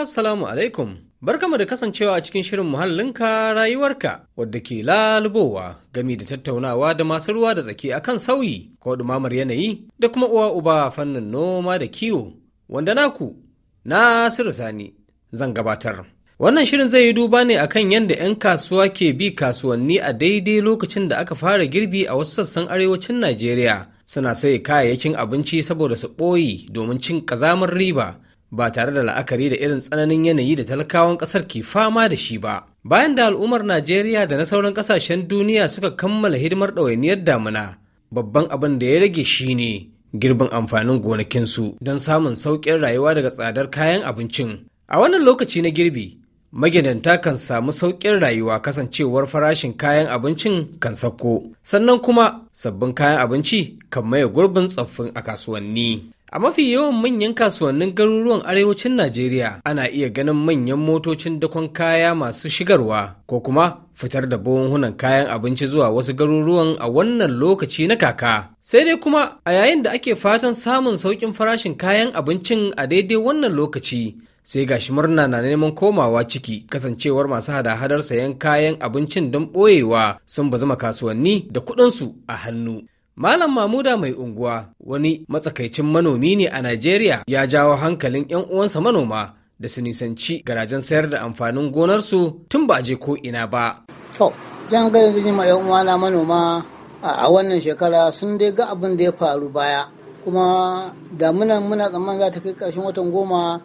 Assalamu alaikum. Barkamu da kasancewa a cikin shirin muhallinka rayuwarka wadda ke lalubowa gami da tattaunawa da masu ruwa da tsaki akan sauyi ko dumamar yanayi da kuma uwa uba fannin noma da kiwo wanda naku na Sani zan gabatar. Wannan shirin zai yi duba ne akan yadda 'yan kasuwa ke bi kasuwanni a daidai lokacin da aka fara girbi a wasu sassan arewacin Najeriya suna sai kayayyakin abinci saboda su ɓoyi domin cin ƙazamar riba ba tare da la'akari da irin tsananin yanayi da talakawan ƙasar ke fama da shi ba. Bayan da al'ummar Najeriya da na sauran ƙasashen duniya suka kammala hidimar ɗawainiyar damuna, babban abin da ya rage shi ne girbin amfanin gonakinsu don samun sauƙin rayuwa daga tsadar kayan abincin. A wannan lokaci na girbi, magidanta kan samu sauƙin rayuwa kasancewar farashin kayan abincin kan sauko, sannan kuma sabbin kayan abinci kan maye gurbin tsoffin a kasuwanni. A mafi yawan manyan kasuwannin garuruwan arewacin Najeriya ana iya ganin manyan motocin dakon kaya masu shigarwa ko kuma fitar da buhunhunan kayan abinci zuwa wasu garuruwan a wannan lokaci na kaka. Sai dai kuma a yayin da ake fatan samun sauƙin farashin kayan abincin a daidai wannan lokaci sai gashi murna na neman komawa ciki kasancewar masu hada-hadar sayan kayan abincin don ɓoyewa sun bazama kasuwanni da kuɗinsu a hannu. Malam Mamuda mai unguwa wani matsakaicin manomi ne a Najeriya ya jawo hankalin 'yan uwansa manoma da su nisanci garajen sayar da amfanin gonarsu tun ba a je ko ina ba. To, jan gani jini ma 'yan uwana manoma a wannan shekara sun dai ga abin da ya faru baya. Kuma damunan muna tsamman za ta kai ƙarshen watan goma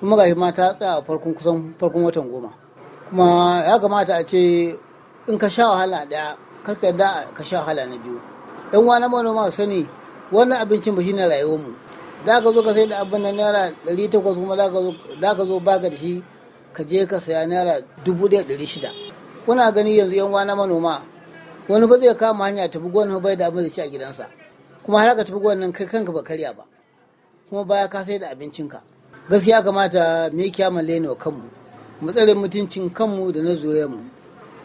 kuma gashi ma ta tsaya a farkon kusan farkon watan goma. Kuma ya kamata a ce in ka sha wahala ɗaya kar ka yarda ka sha wahala na biyu. yan wani manoma sani wannan abincin ba shi ne rayuwarmu za ka zo ka sai da abin nan naira ɗari takwas kuma za ka zo baka da shi ka je ka saya naira dubu ɗaya ɗari shida kuna gani yanzu yan wani manoma wani ba zai kama hanya tafi gonan bai da abin da ci a gidansa kuma har ka tafi gonan kai kanka ba karya ba kuma baya ka sai da abincin ka. gaskiya kamata me yi kyaman wa kanmu mu tsare mutuncin kanmu da na mu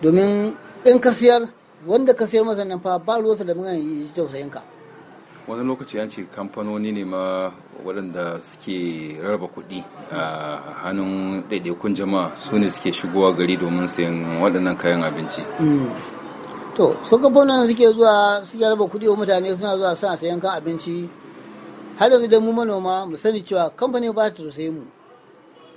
domin in ka siyar wanda ka sayar masa nan fa ba ruwansa da mun yi tausayin ka wani lokaci an ce kamfanoni ne ma waɗanda suke rarraba kuɗi a hannun ɗaiɗaikun jama'a su ne suke shigowa gari domin sayan waɗannan kayan abinci mm. to su kamfanonin suke zuwa suke raba kuɗi wa mutane suna zuwa suna sayan kan abinci har yanzu idan mu manoma mu sani cewa kamfani ba ta tausayi mu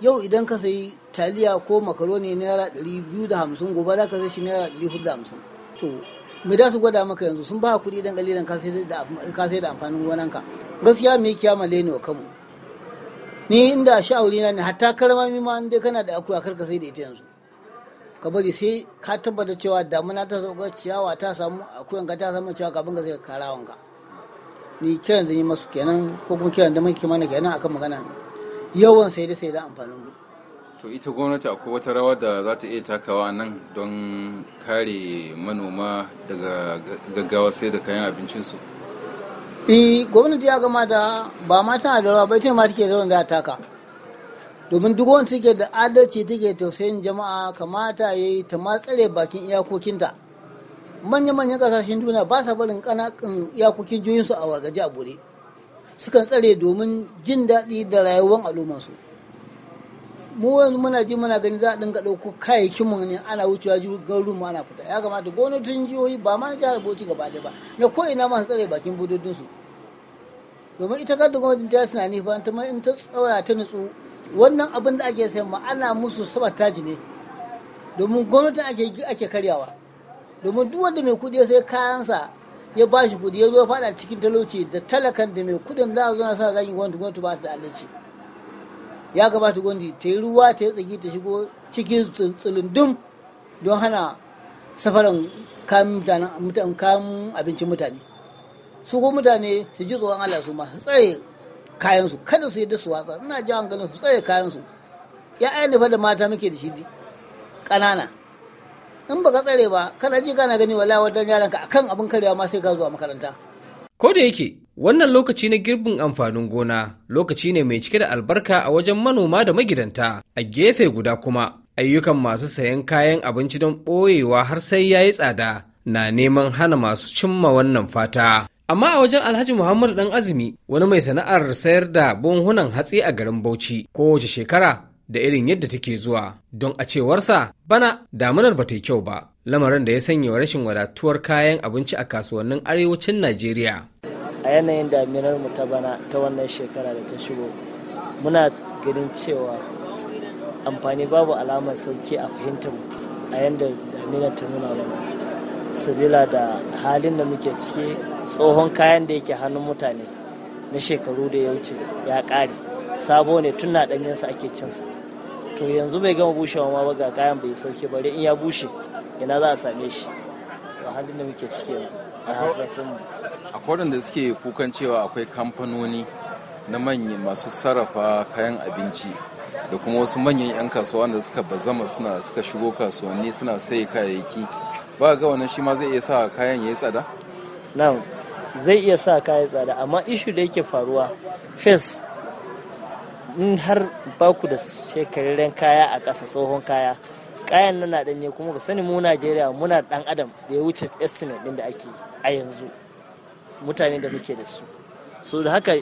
yau idan ka sayi taliya ko makaroni naira ɗari biyu da hamsin gobe za ka sai shi naira ɗari hudu da hamsin to me da su gwada maka yanzu sun ba kuɗi dan kalilan ka sai da amfanin gonanka gaskiya me male ne wa kanmu ni inda sha'auri na ne hatta karama mi ma inda kana da akuya karka sai da ita yanzu ka bari sai ka tabbata cewa damuna ta sauka ciyawa ta samu akuyan ka ta samu cewa ka ka sai karawan ka ni kiran zan yi masu kenan ko kuma kiran da mun kimana kenan akan magana yawan sai da sai da amfanin mu to ita gwamnati akwai wata rawa da za ta iya takawa nan don kare manoma daga gaggawa sai da kayan abincinsu E, gwamnati ya gama da ba ma tana da rawa ba ita ma take da wanda ta taka domin duk wanda take da adalci take tausayin jama'a kamata ya yi ta matsare bakin iyakokinta manya-manyan kasashen duniya ba sa barin kanakan iyakokin juyin su a wargaje a bure sukan tsare domin jin daɗi da rayuwar su. mu yanzu muna ji muna gani za a dinga ɗauko kayayyakin mu ne ana wucewa garuru mu ana fita ya kamata gwamnatin jihohi ba ma na jihar Bauchi gaba ɗaya ba na ko ina masu tsare bakin bududun su domin ita kanta gwamnatin ta tunani ba ta in ta tsaura ta nutsu wannan abin da ake sayan ma ana musu ji ne domin gwamnatin ake ake karyawa domin duk wanda mai kuɗi ya sai kayansa ya ba shi kuɗi ya zo faɗa cikin talauci da talakan da mai kuɗin da a zo na sa zagin gwamnati gwamnati ba ta da alheri ya gabata gondi ta yi ruwa ta yi tsaki ta shigo cikin tsilindin don hana safaran kayan abincin mutane su ko mutane su ji tsoron Allah su ma su tsaye kayansu kada su da su watsa ina ji ganin su tsaye kayansu ya'ya ne da mata muke da shi ƙanana in baka tsare ba kana ji kana gani wala wadannan yaranka akan abin karyawa ma sai ka zuwa makaranta ko da yake Wannan lokaci na girbin amfanin gona lokaci ne mai cike da albarka a wajen manoma da magidanta a gefe guda kuma ayyukan masu sayan kayan abinci don ɓoyewa har sai ya yi tsada na neman hana masu cimma wannan fata. Amma a wajen Alhaji Muhammadu Dan Azumi wani mai sana'ar sayar da buhunan hatsi a garin Bauchi kowace shekara da irin yadda take zuwa don a cewarsa bana damunar ba ta yi kyau ba lamarin da ya sanya rashin wadatuwar kayan abinci a kasuwannin arewacin Najeriya. a yanayin daminar mu ta bana ta wannan shekara da ta shigo muna ganin cewa amfani babu alamar sauki a fahimtar a yadda daminar ta nuna mana sabila da halin da muke ciki tsohon kayan da yake hannun mutane na shekaru da ya wuce ya kare sabo ne tun na ɗanyensa ake cinsa to yanzu bai gama bushewa ma ba ga kayan bai sauke bare in ya bushe ina za a same shi to halin da muke ciki yanzu a kwarin da suke kukan cewa akwai kamfanoni na manyan masu sarrafa kayan abinci da kuma wasu manyan 'yan kasuwa da suka bazama suna suka shigo kasuwanni suna sai kayayyaki ba ga wannan shi ma zai iya sa kayan ya yi tsada? na'am zai iya sa kayan tsada amma ishu da yake faruwa fes in har baku da shekararren kaya a ƙasa tsohon kaya kayan nan na danye kuma ba sani mu Najeriya muna dan adam da ya wuce estimate din da ake a yanzu mutane da muke da su so da haka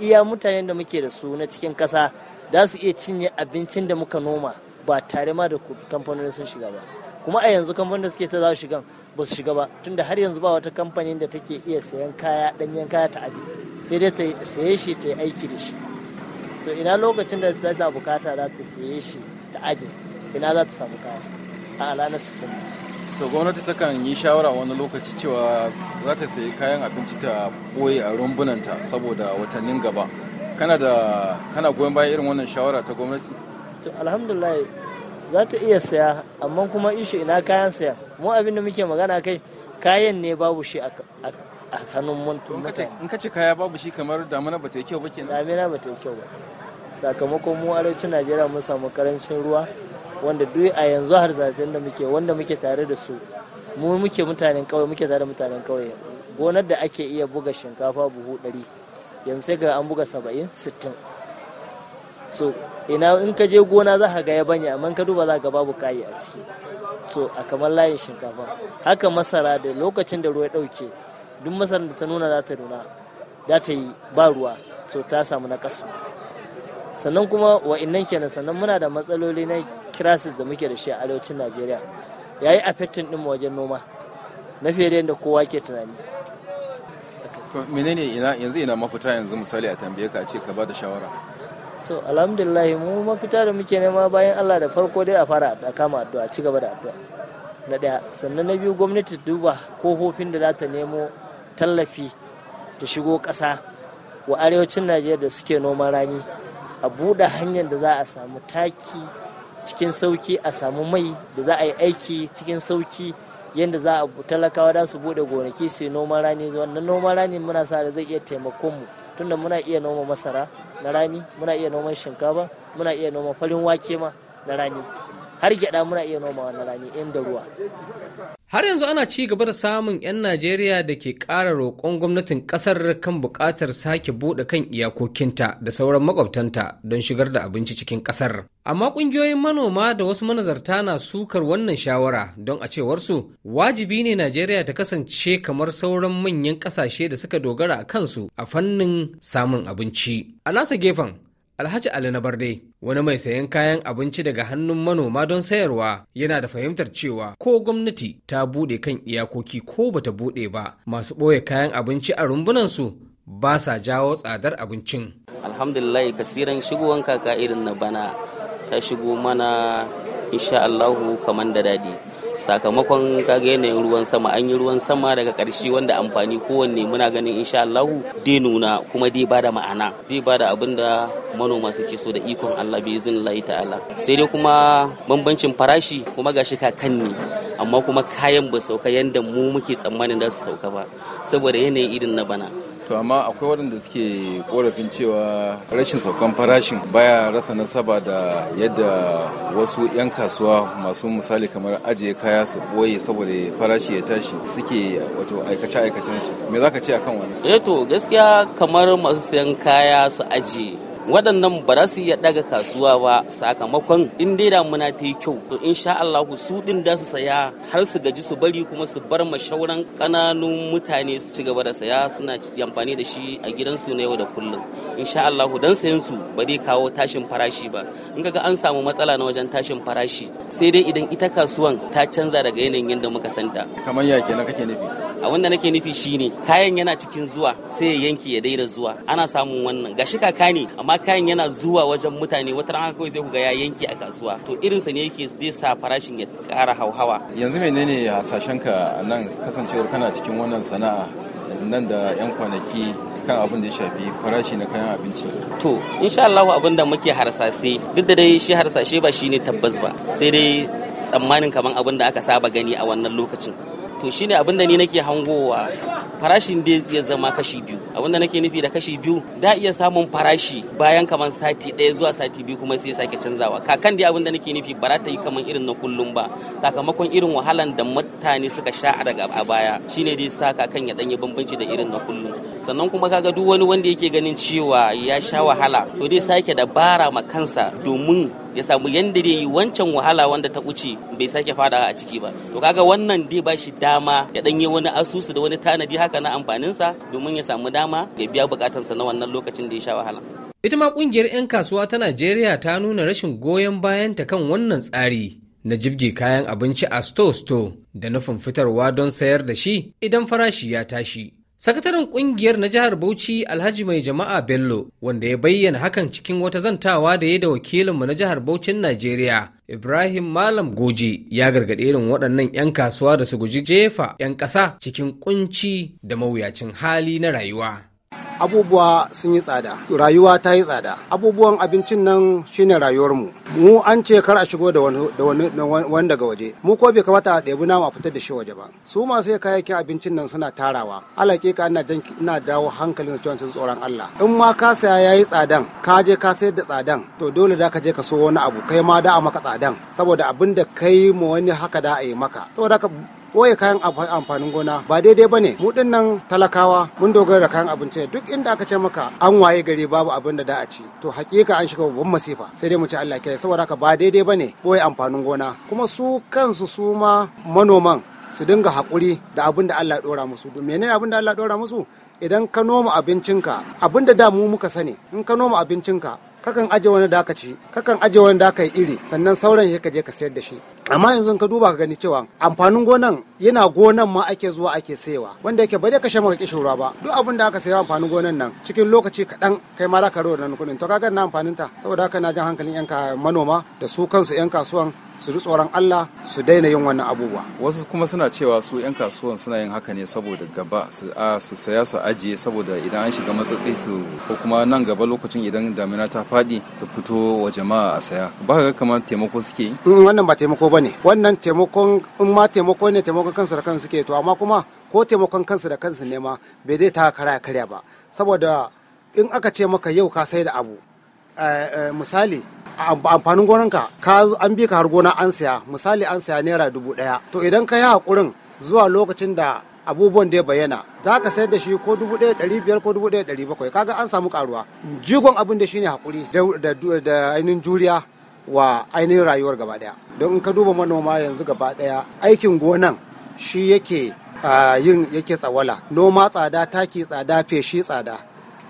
iya mutane da muke da su na cikin kasa za su iya cinye abincin da muka noma ba tare ma da kamfanonin sun shiga ba kuma a yanzu kamfanin da suke ta za su shigan ba su shiga ba tunda har yanzu ba wata kamfanin da take iya sayan kaya danyen kaya ta aje sai dai ta saye shi ta yi aiki da shi to ina lokacin da za ta bukata za ta saye shi ta aji. ina za ta samu kaya a alanar sitin to gwamnati ta kan yi shawara wani lokaci cewa za ta sayi kayan abinci ta boye a rumbunanta saboda watannin gaba kana da kana goyon bayan irin wannan shawara ta gwamnati to alhamdulillah za ta iya saya amma kuma ishe ina kayan saya mu abin da muke magana kai kayan ne babu shi a hannun mutum in ka ce kaya babu shi kamar damina ba ta yi kyau ba kenan damina ba ta yi kyau ba sakamakon mu arewacin najeriya mun samu karancin ruwa wanda duk a yanzu har zazen da muke wanda muke tare da su mu muke mutanen kauye muke tare da mutanen kauye gonar da ake iya buga shinkafa buhu ɗari yanzu sai ga an buga saba'in sittin so ina in ka je gona za ka ga yabanya amma ka duba za ka babu kayi a ciki so a kamar layin shinkafa haka masara da lokacin da ruwa ɗauke duk masarar da ta nuna za ta nuna za ta yi ba ruwa so ta samu na sannan kuma wa'innan kenan sannan muna da matsaloli na crisis da muke da shi a arewacin najeriya ya yi affecting din wajen noma na fiye da kowa ke tunani menene ina yanzu ina mafita yanzu misali a tambaye ka ce ka ba da shawara so alhamdulillah mu mafita da muke nema bayan allah da farko dai a fara a kama addu'a ci gaba da addu'a na daya sannan na biyu gwamnati ta duba kofofin da za ta nemo tallafi ta shigo ƙasa wa arewacin najeriya da suke noman rani a buɗe hanyar da za a samu taki cikin sauki a samu mai da za a yi aiki cikin sauki yadda za a talakawa da su bude gonaki su yi noman rani wannan noman rani muna sa da zai iya taimakon mu tunda muna iya noma masara na rani muna iya noman shinkafa muna iya noman farin wake ma na rani har gyada muna iya noma wannan rani inda ruwa har yanzu ana ci gaba da samun 'yan najeriya da ke ƙara roƙon gwamnatin ƙasar kan buƙatar sake buɗe kan iyakokinta da sauran makwabtanta don shigar da abinci cikin ƙasar amma ƙungiyoyin manoma da wasu manazarta na sukar wannan shawara don a cewarsu wajibi ne najeriya ta kasance kamar sauran manyan ƙasashe da suka dogara a kansu a fannin samun abinci a nasa gefen Alhaji Ali na Barde wani mai sayan kayan abinci daga hannun manoma don sayarwa yana da fahimtar cewa ko gwamnati ta buɗe kan iyakoki ko bata buɗe ba masu ɓoye kayan abinci a rumbunansu ba sa jawo tsadar abincin. Alhamdulillah kasiran shigowan kaka irin na bana ta shigo mana insha Allahu kamar da daɗi. sakamakon kaga yanayin ruwan sama an yi ruwan sama daga karshe wanda amfani kowanne muna ganin insha Allah dai nuna kuma dai da ma'ana dai da abin da manoma suke so da ikon Allah bai zin lahi ta'ala sai dai kuma bambancin farashi kuma gashi kakan ne amma kuma kayan ba sauka yanda mu muke tsammanin da su sauka ba saboda yanayin irin na bana to amma akwai waɗanda suke korafin cewa rashin saukan farashin baya rasa nasaba da yadda wasu 'yan kasuwa masu misali kamar ajiye kaya su boye saboda farashi ya tashi suke wato aikace-aikacen su me zaka ce akan wannan eh to gaskiya kamar masu sayan kaya su ajiye waɗannan ba za su iya ɗaga kasuwa ba sakamakon in dai damuna ta yi kyau to sha Allahu su ɗin da su saya har su gaji su bari kuma su bar ma shauran ƙananun mutane su ci gaba da saya suna amfani da shi a gidansu na yau da kullum sha Allahu dan sayan su ba dai kawo tashin farashi ba in kaga an samu matsala na wajen tashin farashi sai dai idan ita kasuwan ta canza daga yanayin yadda muka santa kamar ya kenan kake nufi a wanda nake nufi shine kayan yana cikin zuwa sai ya yanke ya daina zuwa ana samun wannan gashi kaka ne amma kayan yana zuwa wajen mutane wata rana kawai sai ku ga ya yanki a kasuwa to irin sa ne yake zai sa farashin ya kara hauhawa yanzu menene ka nan kasancewar kana cikin wannan sana'a nan da 'yan kwanaki kan abin da ya shafi farashi na kayan abinci. To, insha Allah abin da muke harsashe duk da dai shi harsashe ba shine tabbas ba, sai dai tsammanin kamar abin da aka saba gani a wannan lokacin. to shine abin da ni nake hangowa farashin dai ya zama kashi biyu abin da nake nufi da kashi biyu da iya samun farashi bayan kamar sati ɗaya zuwa sati biyu kuma sai sake canzawa kakan dai abin da nake nufi ba za ta yi kamar irin na kullum ba sakamakon irin wahalan da mutane suka sha a daga a baya shine dai sa kakan ya danyi bambanci da irin na kullum sannan kuma kaga duk wani wanda yake ganin cewa ya sha wahala to dai sake dabara ma kansa domin ya samu yanda dai wancan wahala wanda ta wuce bai sake fadawa a ciki ba to kaga wannan dai ba shi dama ya danye wani asusu da wani tanadi haka na amfaninsa domin ya samu dama ya biya bukatansa na wannan lokacin da ya sha wahala ita ma kungiyar 'yan kasuwa ta najeriya ta nuna rashin goyon bayanta kan wannan tsari na jibge kayan abinci a sto-sto da nufin fitarwa don sayar da shi idan farashi ya tashi Sakataren ƙungiyar na jihar Bauchi Alhaji Mai Jama'a Bello wanda ya bayyana hakan cikin wata zantawa da ya da wakilinmu na jihar Bauchin Najeriya Ibrahim Malam Goji ya gargaɗe irin waɗannan 'yan kasuwa da su guji jefa 'yan ƙasa cikin ƙunci da mawuyacin hali na rayuwa. abubuwa sun yi tsada rayuwa ta yi tsada abubuwan abincin nan shine rayuwar mu an ce kar a shigo da wani daga waje mu ko bai kamata a ɗebi nama a fitar da shi waje ba su masu kayayyakin abincin nan suna tarawa alaƙiƙa ina ina jawo hankalin su cewa tsoron Allah in ma ka saya yayi tsadan ka je ka sayar da tsadan to dole da ka je ka so wani abu kai ma da a maka tsadan saboda abin da kai mu wani haka da a yi maka saboda ɓoye kayan amfanin gona ba daidai ba ne mu ɗin nan talakawa mun dogara da kayan abinci duk inda aka ce maka an waye gari babu abin da da a ci to hakika an shiga babban masifa sai dai mu ci Allah kai saboda haka ba daidai ba ne ɓoye amfanin gona kuma su kansu su ma manoman su dinga haƙuri da abin da Allah ɗora musu domin menene abin da Allah ɗora musu idan ka noma abincinka abin da da mu muka sani in ka noma abincinka kakan aje wani da ka ci kakan aje wani da ka yi iri sannan sauran shi ka je ka sayar da shi amma yanzu ka duba ka gani cewa amfanin gonan yana gonan ma ake zuwa ake sayewa wanda yake ba ka kashe maka kishin ruwa ba duk abin da aka saya amfanin gonan nan cikin lokaci kaɗan kai ma za ka rawa nan kuɗin to kaga na amfanin ta saboda haka na jan hankalin yanka manoma da su kansu yan kasuwan su ji tsoron Allah su daina yin wannan abubuwa. Wasu kuma suna cewa su 'yan kasuwan suna yin haka ne saboda gaba su a su saya su ajiye saboda idan an shiga matsatsi su ko kuma nan gaba lokacin idan damina ta faɗi su fito wa jama'a a saya. Ba ga kamar taimako suke yi? Mm, wannan ba taimako ba ne. Wannan taimakon in ma taimako ne taimakon kansu da kansu suke to amma kuma ko taimakon kansu da kansu ne ma bai dai ta karya karya ba saboda in aka ce maka yau ka sai da abu Eh, eh, misali amfanin gonanka ka an bi ka har gona an saya misali an saya naira dubu ɗaya to idan ka yi hakurin zuwa lokacin da abubuwan da ya bayyana za ka sayar da shi ko dubu ɗaya ɗari biyar ko dubu ɗaya ɗari bakwai kaga an samu karuwa jigon abin da shine haƙuri da ainihin juriya wa ainihin rayuwar gaba ɗaya don in ka duba manoma yanzu gaba ɗaya aikin gonan shi yake ah, yin yake tsawala noma tsada taki tsada feshi tsada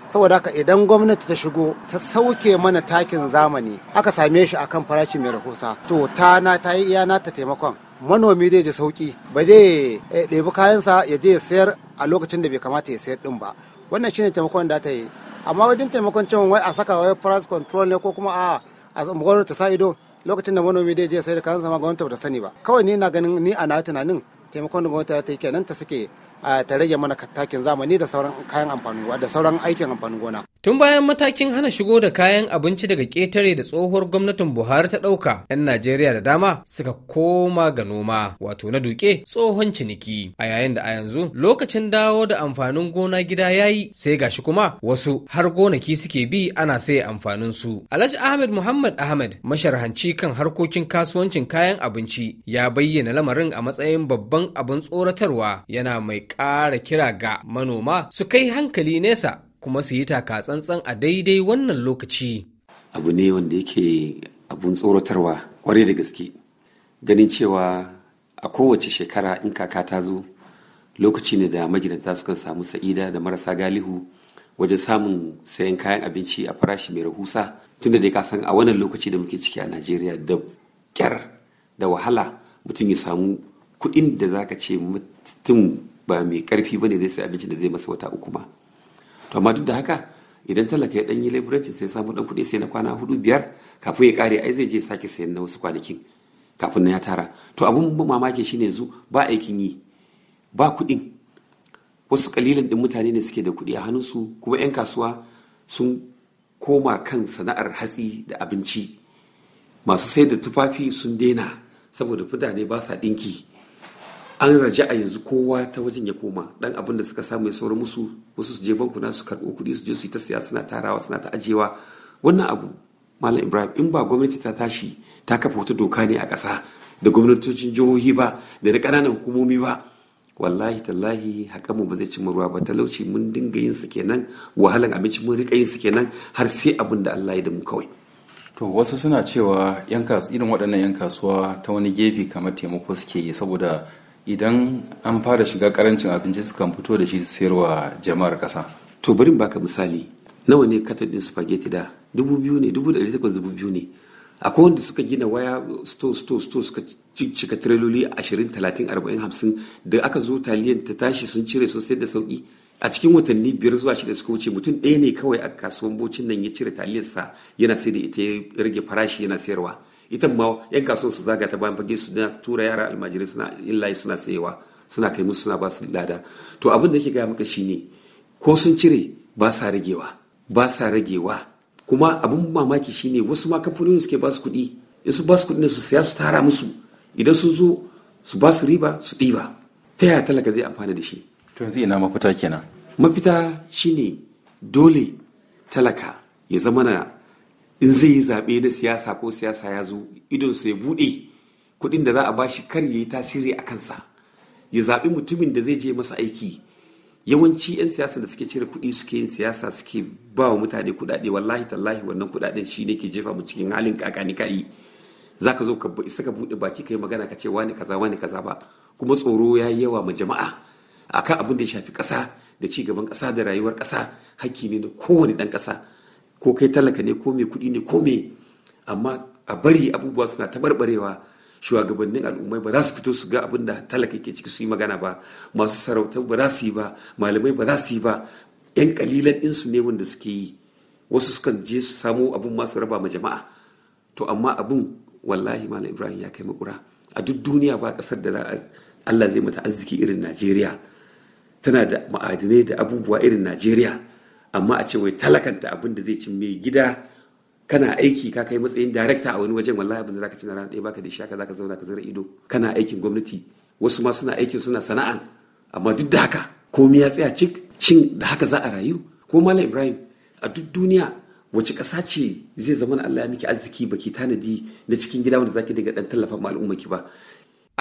saboda haka idan gwamnati ta shigo ta sauke mana takin zamani aka same shi akan farashi mai rahusa to na ta yi iya nata taimakon manomi zai ji sauki ba zai eh, ɗebi kayansa ya je sayar a lokacin da bai kamata ya sayar din ba wannan shine taimakon da ta yi amma wajen taimakon cewa wai a saka wai price control ne ko kuma a a gwamnati ta sa ido lokacin da manomi zai je sayar da kayansa ma gwamnati ba ta sani ba kawai ni na ganin ni a na tunanin taimakon da gwamnati ta yi kenan ta suke a ta rage mana takin zamani da sauran kayan amfanin da sauran aikin amfanin gona. Tun bayan matakin hana shigo da kayan abinci daga ƙetare da tsohuwar gwamnatin Buhari ta ɗauka, 'yan Najeriya da dama suka koma ga noma, wato na duke tsohon ciniki. A yayin da a yanzu lokacin dawo da amfanin gona gida ya yi sai gashi kuma wasu har gonaki suke bi ana saye amfanin su. Alhaji Ahmed Muhammad Ahmed masharhanci kan harkokin kasuwancin kayan abinci ya bayyana lamarin a matsayin babban abin tsoratarwa yana mai ƙara kira ga manoma su kai hankali nesa kuma su yi taka tsantsan a daidai wannan lokaci. Abu ne wanda yake abun tsoratarwa kwarai da gaske ganin cewa a kowace shekara in kaka ta zo lokaci ne da magidanta suka samu sa'ida da marasa galihu wajen samun sayan kayan abinci a farashi mai rahusa tunda dai ka san a wannan lokaci da muke ciki a najeriya da kyar da wahala mutum ya samu kuɗin da za ka ce mutum ba mai karfi bane zai sai abincin da zai masa wata uku ma to amma duk da haka idan talaka ya dan yi leburanci sai samu ɗan kuɗi sai na kwana hudu biyar kafin ya kare ai zai je sake sayan na wasu kwanakin kafin na ya tara to abun mamaki shine yanzu ba aikin yi ba kuɗin wasu kalilan din mutane ne suke da kuɗi a hannunsu kuma 'yan kasuwa sun koma kan sana'ar hatsi da abinci masu sai da tufafi sun daina saboda fudane ba sa ɗinki an raja a yanzu kowa ta wajen ya koma dan abin da suka samu ya saura musu wasu su je bankuna su karɓo kuɗi su je su yi ta siya suna tarawa suna ta ajewa wannan abu malam ibrahim in ba gwamnati ta tashi ta kafa wata doka ne a ƙasa da gwamnatocin jihohi ba da na ƙananan hukumomi ba wallahi tallahi mu ba zai ci ruwa ba talauci mun dinga yin su kenan wahalan abinci mun riƙa yin su kenan har sai abin da Allah ya da mu kawai to wasu suna cewa irin waɗannan yan kasuwa ta wani gefe kamar taimako suke yi saboda idan an fara shiga karancin abinci sukan fito da shi su sayarwa jama'ar kasa to bari baka misali nawa ne katon din spaghetti da dubu biyu ne dubu da takwas dubu biyu ne akwai wanda suka gina waya store store store suka cika tireloli ashirin talatin arba'in hamsin da aka zo taliyan ta tashi sun cire sun da sauki a cikin watanni biyar zuwa shida suka wuce mutum ɗaya ne kawai a kasuwan bocin nan ya cire taliyarsa yana sai da ita ya rage farashi yana sayarwa ita ma yan kasuwa su zaga ta bayan fage su tura yara almajirai suna illayi suna sayewa suna kai musu suna ba su lada to abin da yake gaya maka shine ko sun cire ba sa ragewa ba sa ragewa kuma abin mamaki shine wasu ma kamfanoni suke ba su kuɗi in su ba su kuɗi ne su saya su tara musu idan sun zo su ba su riba su ɗiba ta yaya talaka zai amfana da shi to yanzu ina mafita kenan mafita shine dole talaka ya zama na in zai yi zaɓe na siyasa ko siyasa ya zo idon idonsa ya buɗe kuɗin da za a bashi kar ya yi tasiri a kansa ya zaɓi mutumin da zai je masa aiki yawanci 'yan siyasa da suke cire kuɗi suke yin siyasa suke ba wa mutane kuɗaɗe wallahi tallahi wannan kuɗaɗen shi ne ke jefa mu cikin halin kakani ka'i za ka zo ka isa ka buɗe baki ka yi magana ka ce wani kaza wani kaza ba kuma tsoro ya yi yawa ma jama'a akan abin da ya shafi ƙasa da ci gaban ƙasa da rayuwar ƙasa hakki ne na kowane ɗan ƙasa ko kai talaka ne ko mai kuɗi ne ko me amma a bari abubuwa suna tabarbarewa shugabannin al'ummai ba za su fito su ga abin da talaka ke ciki su yi magana ba masu sarautar ba za su yi ba malamai ba za su yi ba yan kalilan su ne wanda suke yi wasu sukan je su samo abin masu raba ma jama'a to amma abin wallahi malam ibrahim ya kai makura a duk duniya ba kasar da Allah zai mata arziki irin Najeriya tana da ma'adinai da abubuwa irin Najeriya amma a ce wai talakanta abin da zai ci mai gida kana aiki ka kai matsayin darakta a wani wajen wallahi abin da zaka ci na rana baka da shaka zaka zauna ka zira ido kana aikin gwamnati wasu ma suna aikin suna sana'a amma duk da haka komai ya tsaya cik cin da haka za a rayu ko malam ibrahim a duk duniya wace ƙasa ce zai zama Allah ya miki arziki baki tanadi na cikin gida wanda zaki daga dan tallafa ma al'umma ba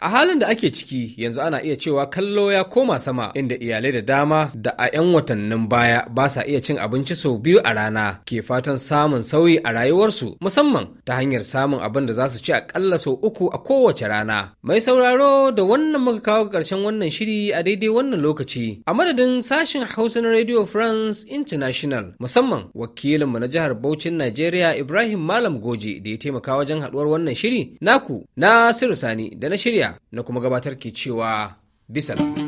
A halin da ake ciki yanzu ana iya cewa kallo ya koma sama inda iyalai da dama da a 'yan watannin baya ba sa iya cin abinci sau biyu a rana ke fatan samun sauyi a rayuwarsu musamman ta hanyar samun abin da za su ci akalla sau uku a kowace rana. Mai sauraro da wannan muka kawo ƙarshen wannan shiri a daidai wannan lokaci a madadin sashen Hausa na Radio France International musamman wakilinmu na jihar Bauchin Najeriya Ibrahim Malam Goje da ya taimaka wajen haɗuwar wannan shiri naku na Sani da na shirya na kuma gabatar ke cewa bisa